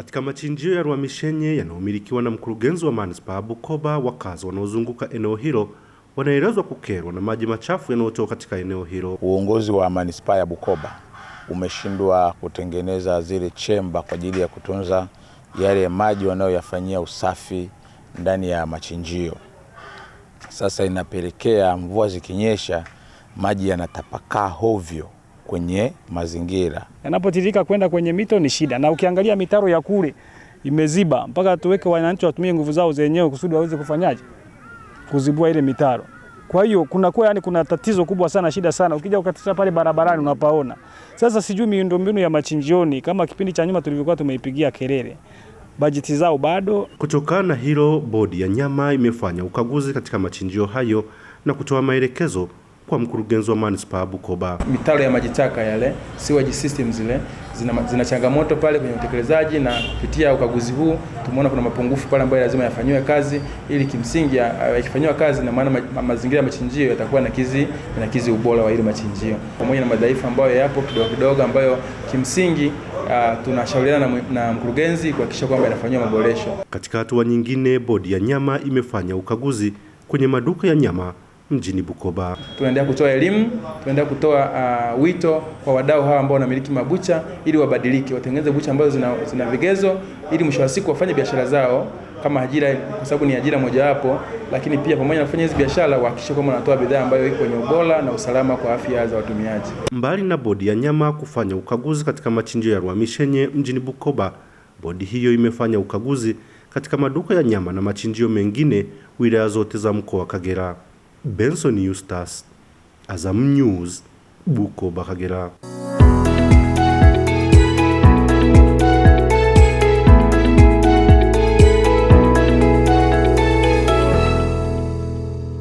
katika machinjio ya Rwamishenye yanayomilikiwa na mkurugenzi wa manispaa ya Bukoba, wakazi wanaozunguka eneo hilo wanaelezwa kukerwa na maji machafu yanayotoka katika eneo hilo. Uongozi wa manispaa ya Bukoba umeshindwa kutengeneza zile chemba kwa ajili ya kutunza yale maji wanayoyafanyia usafi ndani ya machinjio. Sasa inapelekea mvua zikinyesha, maji yanatapakaa hovyo kwenye mazingira. Yanapotiririka kwenda kwenye mito ni shida, na ukiangalia mitaro ya kule imeziba mpaka tuweke wananchi watumie nguvu zao zenyewe kusudi waweze kufanyaje kuzibua ile mitaro. Kwa hiyo kuna kwa yani, kuna tatizo kubwa sana, shida sana. Ukija ukatisha pale barabarani unapaona. Sasa sijui miundombinu ya machinjioni kama kipindi cha nyuma tulivyokuwa tumeipigia kelele bajeti zao bado. Kutokana na hilo, bodi ya nyama imefanya ukaguzi katika machinjio hayo na kutoa maelekezo kwa mkurugenzi wa manispaa Bukoba. Mitaro ya maji taka yale, sewage systems zile zina, zina changamoto pale kwenye utekelezaji, na kupitia ukaguzi huu tumeona kuna mapungufu pale ambayo lazima yafanyiwe kazi, ili kimsingi yakifanyiwa kazi na maana ma, ma, mazingira ya machinjio yatakuwa nakizi kizi ubora wa ile machinjio, pamoja na madhaifu ambayo yapo kidogo kidogo, ambayo kimsingi Uh, tunashauriana na, na mkurugenzi kuhakikisha kwamba inafanyiwa maboresho. Katika hatua nyingine, bodi ya nyama imefanya ukaguzi kwenye maduka ya nyama mjini Bukoba. Tunaendelea kutoa elimu, tunaendelea kutoa uh, wito kwa wadau hawa ambao wanamiliki mabucha ili wabadilike, watengeneze bucha ambazo zina, zina vigezo ili mwisho wa siku wafanye biashara zao kama ajira, kwa sababu ni ajira mojawapo, lakini pia pamoja na kufanya hizi biashara wahakikishe kwamba wanatoa bidhaa ambayo iko kwenye ubora na usalama kwa afya za watumiaji. Mbali na bodi ya nyama kufanya ukaguzi katika machinjio ya Rwamishenye mjini Bukoba, bodi hiyo imefanya ukaguzi katika maduka ya nyama na machinjio mengine wilaya zote za mkoa wa Kagera benson eustace azam news buko bakagera